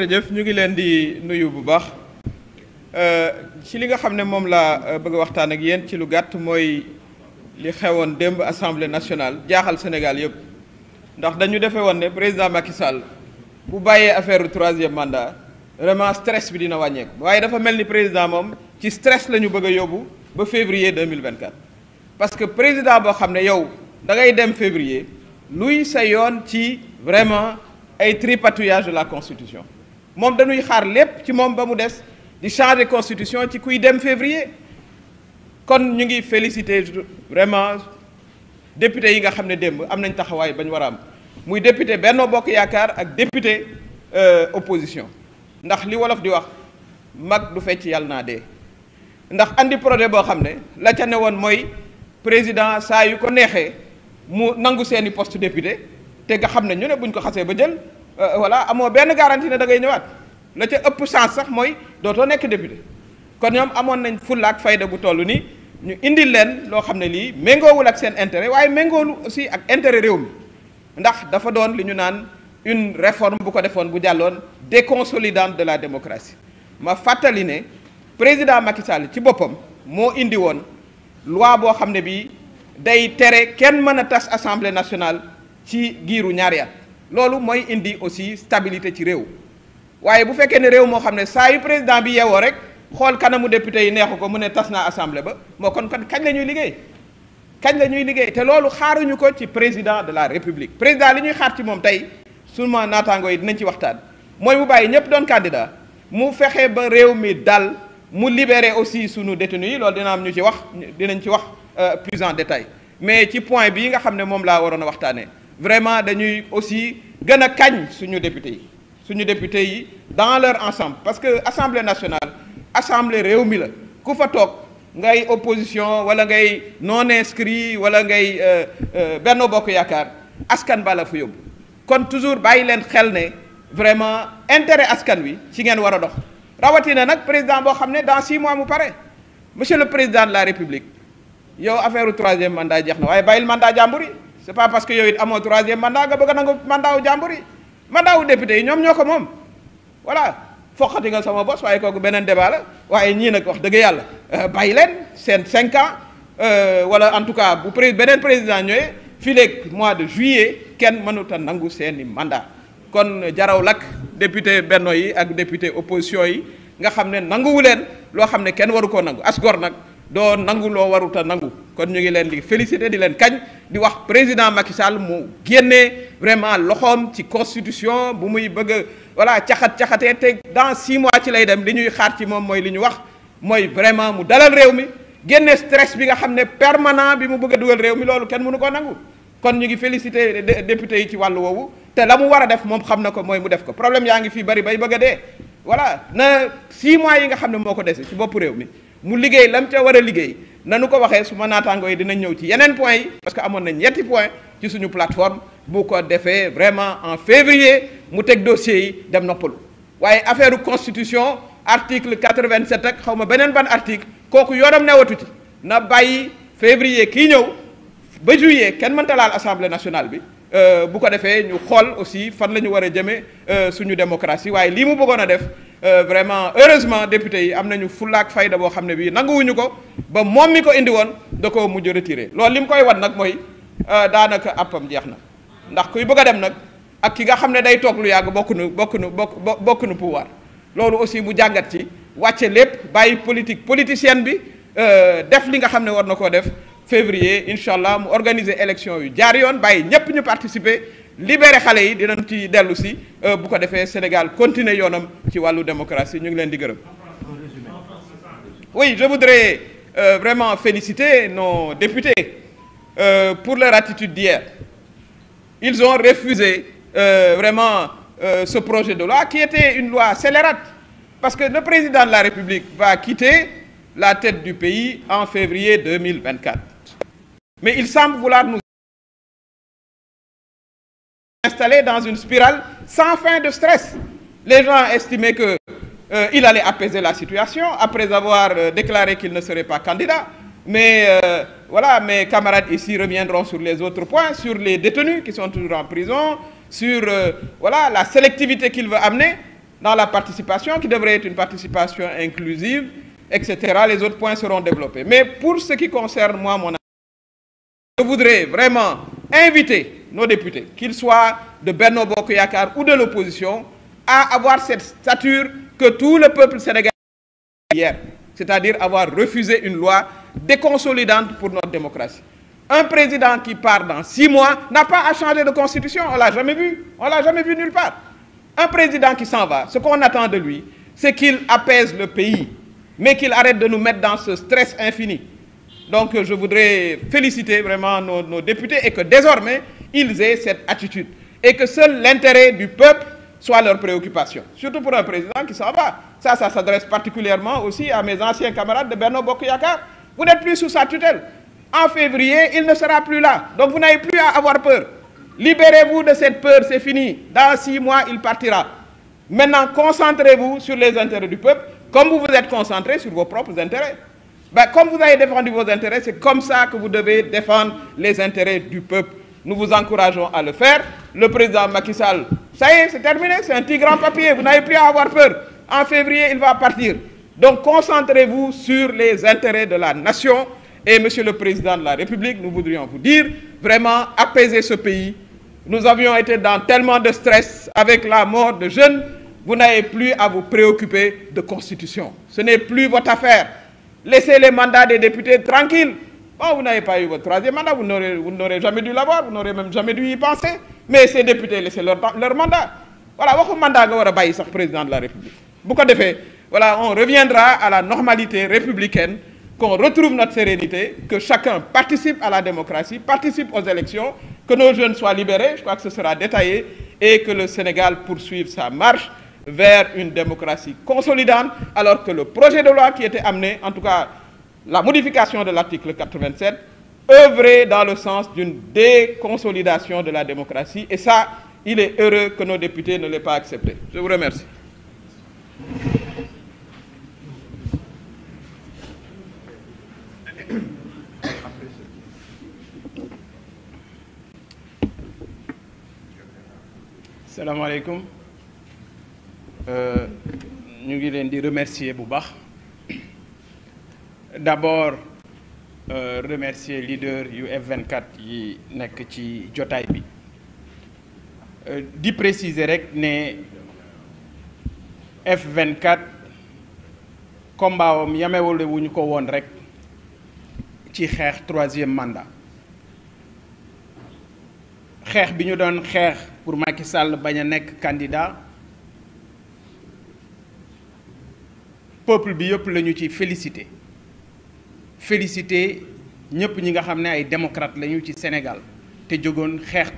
jërëjëf ñu ngi leen di nuyu bu baax euh, ci li nga xam ne moom laa euh, bëgg a waxtaan ak yéen ci lu gàtt mooy li xewoon démb assemblée nationale jaaxal Sénégal yëpp ndax dañu defee woon ne président Macky Sall bu bàyyee affaire troisième mandat vraiment stress bi dina wàññeeku waaye dafa mel ni président moom ci stress la ñu bëgg a yóbbu ba février 2024 parce que président boo xam ne yow da ngay dem février luy sa yoon ci vraiment ay tripatouillage de la constitution moom dañuy xaar lépp ci moom ba mu des di changer constitution ci kuy dem février kon ñu ngi féliciter vraiment député yi nga xam ne démb am nañ taxawaay ba ñu war a am muy député benn Bokk Yaakaar ak député euh, opposition ndax li wolof di wax mag du fecc yàlla naa dee ndax andi projet boo xam ne la ca ne woon mooy président saa yu ko neexee mu nangu seeni poste député te nga xam ne ñu ne buñ ko xasee ba jël Euh, voilà amoo benn garantie ne dangay ngay ñëwaat la ca ëpp chance sax mooy dootoo nekk député kon ñoom amoon nañ fulla ak fayda bu toll ni ñu indil leen loo xam ne lii méngoowul ak seen intérêt waaye méngoolu aussi ak intérêt réew mi ndax dafa doon li ñu naan une réforme bu ko defoon bu jàlloon déconsolidante de la démocratie ma fàttali ne président Macky Sall ci boppam moo indi woon loi boo xam ne bii day tere kenn mën a tas assemblée nationale ci giiru ñaari loolu mooy indi aussi stabilité ci réew waaye bu fekkee ne réew moo xam ne saa yu président bi yeewoo rek xool kanamu député yi neexu ko mu ne tas naa assemblée ba moo kon kon kañ la ñuy liggéey kañ la ñuy liggéey te loolu xaaruñu ko ci président de la république président li ñuy xaar ci moom tey suma naataangoo yi dinañ ci waxtaan mooy mu bàyyi ñëpp doon candidat mu fexe ba réew mi dal mu libéré aussi sunu détenus yi loolu dina am ñu ci wax dinañ ci wax euh, plus en détail mais ci point bii nga xam ne moom laa waroon a waxtaanee. vraiment dañuy aussi gën a kañ suñu député yi suñu député yi dans leur ensemble parce que assemblée nationale assemblée réew mi la ku fa toog ngay opposition wala ngay non inscrit wala ngay euh, euh, Benno Bokk Yaakaar askan ba la yóbbu kon toujours bàyyi leen xel ne vraiment intérêt askan wi ci ngeen war a dox rawatina nag président boo xam ne dans six mois mu pare monsieur le président de la république yow affaire troisième mandat jeex na waaye bàyyil mandat jàmbur c'est pas parce que yow it amoo troisième mandat nga bëgg a nangu mandat wu jàmbur yi mandat wu député yi ñoom ñoo ko moom voilà foqati nga sama bos waaye kooku beneen débat waaye ñii nag wax dëgg yàlla euh, bàyyi leen seen cinq ans euh, wala en tout cas bu pré beneen président ñëwee fileeg mois de juillet kenn mënut a nangu seeni mandat kon jaraw lakk député benno yi ak député opposition yi nga xam ne nanguwu leen loo xam ne kenn waru koo nangu as gor nag doo nangu loo waruta nangu kon ñu ngi leen di félicité di leen kañ di wax président Macky Sall mu génnee vraiment loxoom ci constitution bu muy bëgg a voilà caxat caxatee te dans six mois ci lay dem li ñuy xaar ci moom mooy li ñu wax mooy vraiment mu dalal réew mi génne stress bi nga xam ne permanent bi mu bëgg a dugal réew mi loolu kenn mënu ko nangu kon ñu ngi félicité député yi ci wàll woowu te la mu war a def moom xam na ko mooy mu def ko problème yaa ngi bari bay bëgg dee voilà na six yi nga xam ne moo ko dese ci bopp réew mi. mu liggéey lam ca war a liggéey na nu ko waxee su ma naataangoo yi dinañ ñëw ci yeneen point yi parce que amoon nañ ñetti point ci suñu plateforme bu ko defee vraiment en février mu teg dossier yi dem noppalu waaye affaire constitution article 87 ak xaw ma beneen ban article kooku yoonam newatu ci na bàyyi février kii ñëw ba juillet kenn mënta laal assemblée nationale bi euh, bu ko defee ñu xool aussi fan la ñu war a jëmee euh, suñu démocratie waaye lii mu bëggoon a def Euh, vraiment heureusement député yi am nañu fullaak fayda boo xam ne bii nanguwuñu ko ba moom mi ko indi woon da ko mujj retiré loolu li mu koy wan nag mooy euh, daanaka àppam jeex na ndax kuy bëgg a dem nag ak ki nga xam ne day toog lu yàgg bokk nu bokk nu bokk bokk nu pouvoir loolu aussi mu jàngat ci wàcce lépp bàyyi politique politicienne bi euh, def li nga xam ne war na koo def février incha allah mu organiser élection yu jaar yoon bàyyi ñépp ñu participer libéré xale yi dinañ ci dellu si euh, bu ko defee Sénégal continuer yoonam ci wàllu démocratie ñu ngi leen di gërëm. oui je voudrais euh, vraiment féliciter nos députés euh, pour leur attitude d'hier ils ont refusé euh, vraiment euh, ce projet de loi qui était une loi scélérate parce que le président de la République va quitter la tête du pays en février 2024 mais il semble vouloir nous installé dans une spirale sans fin de stress. Les gens estimaient que euh, il allait apaiser la situation après avoir euh, déclaré qu'il ne serait pas candidat. Mais euh, voilà, mes camarades ici reviendront sur les autres points, sur les détenus qui sont toujours en prison, sur euh, voilà, la sélectivité qu'il veut amener dans la participation, qui devrait être une participation inclusive, etc. Les autres points seront développés. Mais pour ce qui concerne moi, mon avis, vraiment inviter nos députés, qu'ils soient de Benno Bokuyakar ou de l'opposition, à avoir cette stature que tout le peuple sénégalais a hier, c'est-à-dire avoir refusé une loi déconsolidante pour notre démocratie. Un président qui part dans six mois n'a pas à changer de constitution, on l'a jamais vu, on l'a jamais vu nulle part. Un président qui s'en va, ce qu'on attend de lui, c'est qu'il apaise le pays, mais qu'il arrête de nous mettre dans ce stress infini. Donc je voudrais féliciter vraiment nos, nos, députés et que désormais, ils aient cette attitude et que seul l'intérêt du peuple soit leur préoccupation. Surtout pour un président qui s'en va. Ça, s'adresse particulièrement aussi à mes anciens camarades de Bernard Bokuyakar. Vous n'êtes plus sous sa tutelle. En février, il ne sera plus là. Donc vous n'avez plus à avoir peur. Libérez-vous de cette peur, c'est fini. Dans six mois, il partira. Maintenant, concentre vous sur les intérêts comme vous vous êtes concentré sur vos Ben, comme vous avez défendu vos intérêts, c'est comme ça que vous devez défendre les intérêts du peuple. Nous vous encourageons à le faire. Le président Macky Sall, ça y est, c'est terminé, c'est un petit grand papier, vous n'avez plus à avoir peur. En février, il va partir. Donc concentrez-vous sur les intérêts de la nation. Et Monsieur le Président de la République, nous voudrions vous dire, vraiment, apaiser ce pays. Nous avions été dans tellement de stress avec l mort de jeunes, vous n'avez plus à vous préoccuper de constitution. Ce n'est plus votre affaire. Laissez les mandats des députés tranquilles. Bon, vous n'avez pas eu votre troisième mandat, vous n'aurez jamais dû l'avoir, vous n'aurez même jamais dû y penser. Mais ces députés, laissez leur, leur mandat. Voilà, votre mandat est le président de la République. Beaucoup de faits. Voilà, on reviendra à la normalité républicaine, qu'on retrouve notre sérénité, que chacun participe à la démocratie, participe aux élections, que nos jeunes soient libérés, je crois vers une démocratie consolidante, alors que de loi qui était amené, tout cas la modification de l'article 87, œuvrait dans le sens d'une déconsolidation de la démocratie. ça, il est heureux que nos députés Euh, ñu ngi leen di remercier bu baax d'abord euh, remercier leader yu F24 yi nekk ci jotaay bi euh, di préciser rek ne F24 combat am wu ñu ko woon rek ci xeex troisième mandat xeex bi ñu doon xeex pour Macky sàll bañ a nekk candidat peuple bi yëpp lañu ñu ci félicité félicité ñëpp ñi nga xam ne ay démocrate lañu ci Sénégal te jógoon xeex